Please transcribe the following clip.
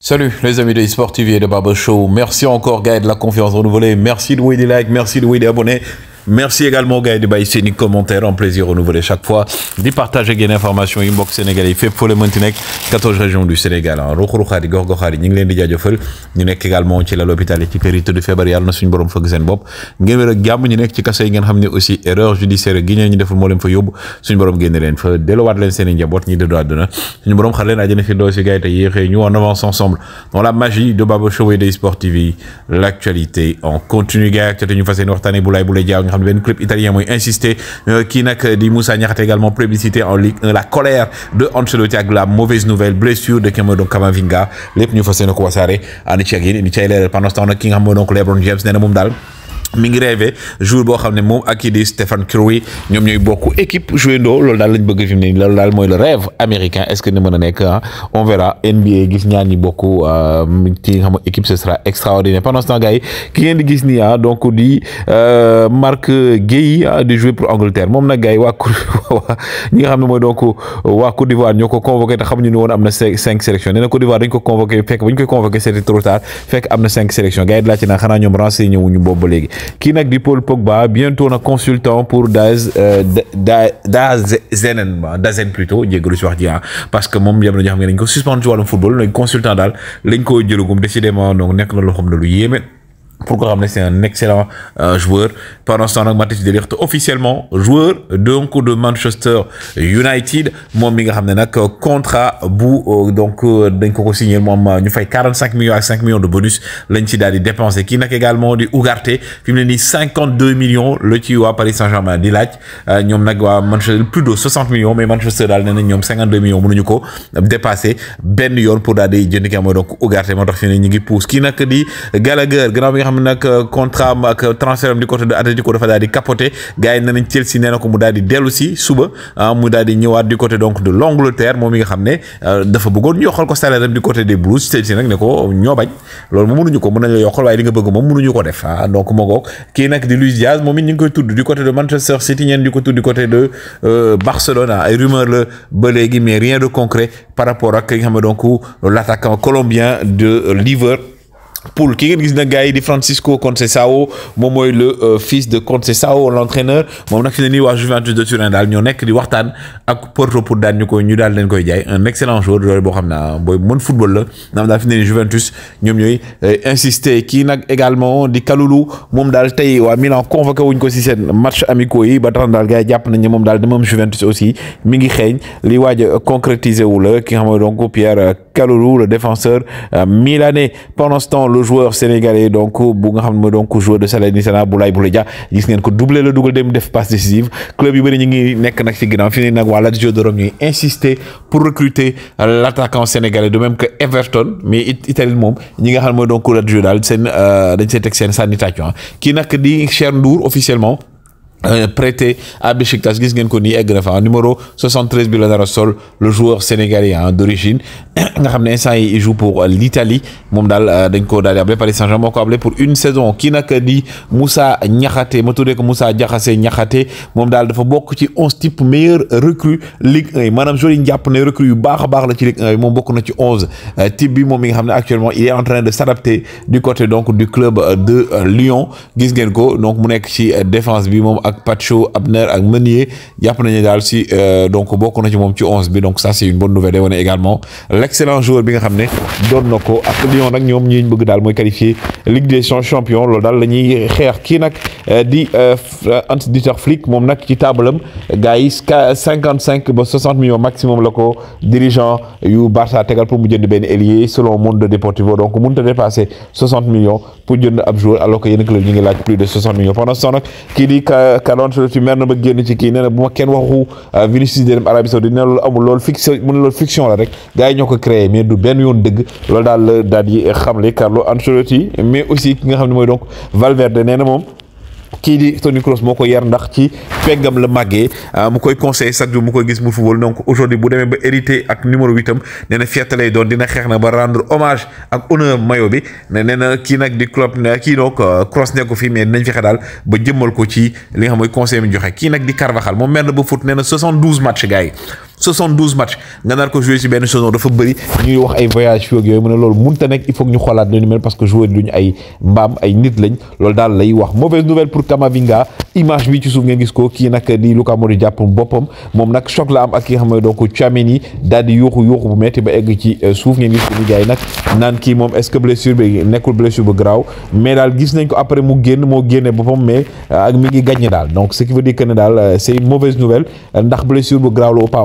Salut les amis de eSport et de Barber Show. Merci encore Guy de la confiance renouvelée. Merci de vous des likes, merci de vous des abonnés. Merci également, Gaël de Baïséni, commentaires, en plaisir renouvelé chaque fois. Des partages et gain d'informations, inbox sénégalais, fait pour le Montenegro, 14 régions du Sénégal. Hein. Rokhroukhari, Gorgokhari, ñu ngi leen di jaajëfal ñu nekk également ci l'hôpital et ci kër du février. feebar na suñu borom fëgg seen bopp. ngeen wér ak jàmm ñu nekk ci kaso yi ngeen aussi erreur judiciaire Guinée ñeen ñu deful moo leen fa yóbbu suñu borom génne leen fa delluwaat leen seen i njaboot de droit àdduna suñu borom xar leen àjjana fi doo si gaay te ñu en avance ensemble dans la magie de Baba Show et des Sport TV l'actualité en continu Gaël, ak ñu fas yéene waxtaanee bu lay bu lay xam ne club italien moy insister euh, kii nak di Moussa Niakhaté également publicité en Ligue la colère de Ancelotti ak la mauvaise nouvelle blessure de Cameron Camavinga lépp ñu fas yéene ko wasaare ànd ci ak ci pendant ce temps nag ki nga xam donc LeBron James nee na moom mi ngi rêvé jour boo xam ne ak kii di Stephen Curry ñom ñooy bokk équipe jouer ndo lool dal lañ bëgg fi ni lool dal moy le rêve américain est-ce que ne mën a ah? on verra NBA gis ñaan ñi bokk euh, ci nga xam équipe ce sera extraordinaire pendant ce temps gars yi ki ngeen di gis ni ah donc di euh Marc Guèye ah, de jouer pour Angleterre mom nag gay wa waa ñi nga xam ne donc wa Côte d'Ivoire ñoo ko convoqué te ñu ne woon am na cinq sélections nee na Côte d'Ivoire dañ ko convoqué fekk buñ ko convoqué c'était trop tard fekk amna 5 cinq sélections gars yi la ci na xana ñom renseigné wuñu bobu ba léegi qui que di Paul Pogba bientôt un consultant pour Daz euh, Dazen Dazen plutôt ah. parce que moom jamono nous avons ne ko suspendre football nous consultant ko pourquoi ko c'est un excellent euh, joueur pendant ce temps nag Matthijs de officiellement joueur donc de Manchester United moom mi nga xam ne contrat bu euh, donc 45 euh, signé ñu fay 45 millions à 5 millions de bonus lañ a des dépenses. dépensé qui n'a également du Ugarte fi mu 52 millions le ci à Paris Saint-Germain di laaj ñoom Manchester plus de 60 millions mais Manchester il nee 52 52 millions ko dépassé Ben Lyon pour d'aller di donc Ugarte moo tax fi ne ñu ngi pousse Gallagher xam nak euh, contrat ak euh, transfert am di côté de Atletico dafa daal di capoté gars yi nañ Chelsea nee na ko mu daal di ci suba ah, mu daal ñëwaat du côté donc de l'Angleterre moom mi nga xamné euh, dafa bëggoon ñu yokkal ko salaire am du côté des Blues Chelsea nak ne ko ñoo bañ loolu moom mënuñu ko mën nañ la yokkal waaye li nga bëgg moom mënuñu ko def ah, donc moo ngoog kii nag di Luis Diaz moom ñing koy tudd du côté de Manchester City ñen di ko tudd du côté de barcelona ay rumeur le ba léegi mais rien de concret par rapport ak nga xamné donc l'attaquant colombien de Liver Poul ki ngeen gis na gars yi di Francisco Conceição moom le euh, fils de Conceição l'entraîneur moom on a fini nii Juventus de Turin dal ñu nek di waxtaan ak Porto pour daan ñu ko ñu dal leen koy jay un excellent joueur de boo xam naa ah, football la naam fini fi Juventus ñom ñoy euh, insisté ki nak également di Kalulu mom dal tay wa Milan convoqué wuñ ko ci sen match amicaux yi ba tax na daal gars yi jàpp nañ ne moom Juventus aussi mi ngi xéñ li waaj a concrétiser wu la ki nga donc Pierre Kalulu le défenseur euh, milanais pendant ce temps le joueur sénégalais donc bu nga xam donc joueur de Salernitana Boulaye Boulaye doublé le double dem passe décisive club yu bari ñi ngi pour recruter l'attaquant sénégalais de même que Everton mais Italie mom ñi nga donc officiellement. Euh, prêté à Besiktas gis ngeen ko ni egg fa numéro 73 bi la sol le joueur sénégalais hein, d'origine nga xamné instant il joue pour euh, l'Italie mom dal euh, dañ ko daal appelé Paris Saint-Germain ko appelé pour une saison ki nak di Moussa Niakhaté ma tuddee ko Moussa Diakhaté Niakhaté moom daal dafa bok ci 11 type meilleur recrue Ligue 1 manam joueur yi né ne recrue yu baax baax la ci Ligue 1 mom bokk na ci 11 type bi mom mi nga xamné actuellement il est en train de s'adapter du côté donc du club de Lyon gis ngeen ko donc mu nek ci défense bi mom ak Pacho, Abner, ak Meunier. Yap nanyen dal si, euh, donc, 11 Donc, ça, c'est une bonne nouvelle. également l'excellent joueur bien nga Don noko. nous Lyon, nan nyom nyen qualifié. Ligue des champions. Lodal, lanyi khèr ki nak di anti-diter flic. Mom nak tablem. Gaïs, 55, 60 millions maximum loko. Dirigeant, you Barça, tegal pou moujen de ben elie. Selon de Deportivo. Donc, monde a dépassé 60 millions pour dire ab joueur. Alors que y a plus de 60 millions. Pendant ce temps, nak, ki di euh, car Ancelotti ci merna ba génn ci ki na kenn waxu euh, Vinicius dem Arabie Saoudite amul fiction fiction la rek gaay ñoko créer mais du ben yoon deug daal Carlo Ancelotti mais aussi ki nga donc Valverde nee mom kii Tony Kroos yar ndax ci peggam le màggee ah, mu koy conseillé mu koy gis mu football donc aujourd'hui bu ba hérité ak numéro 8, na fierté lay dina na ba rendre hommage ak honneur mayo bi néna ki na di club né club donc euh, Kroos ko fi mais dinañ fexe daal ba jëmmal ko ci li nga xam conseil mi joxé ki di Carvajal 72 matchs. 72 matchs nga nar ko jouer ci benn saison dafa beuri ñuy wax ay voyage fi ak yoy mëna lool loolu nek il faut que ñu xoolaat lu ñu mel parce que joueur duñu ay mbaam ay nit lañ lool dal lay wax mauvaise nouvelle pour Kamavinga image bi ci suuf ngeen gis ko ki nak di Luka Modric japp boppam mom nak choc la am ak ki nga donc Tchouaméni daal di yuuxu yuuxu bu metti ba egg ci euh, suuf ngeen gis ni gay nak nan ki mom est-ce que blessure bi nekkul blessure bu graw mais dal gis nañ ko après mu génn mo génne boppam mais euh, ak mi ngi gàññ dal donc ce qui veut dire que dal euh, c'est une mauvaise nouvelle ndax blessure bu graw lo ou pas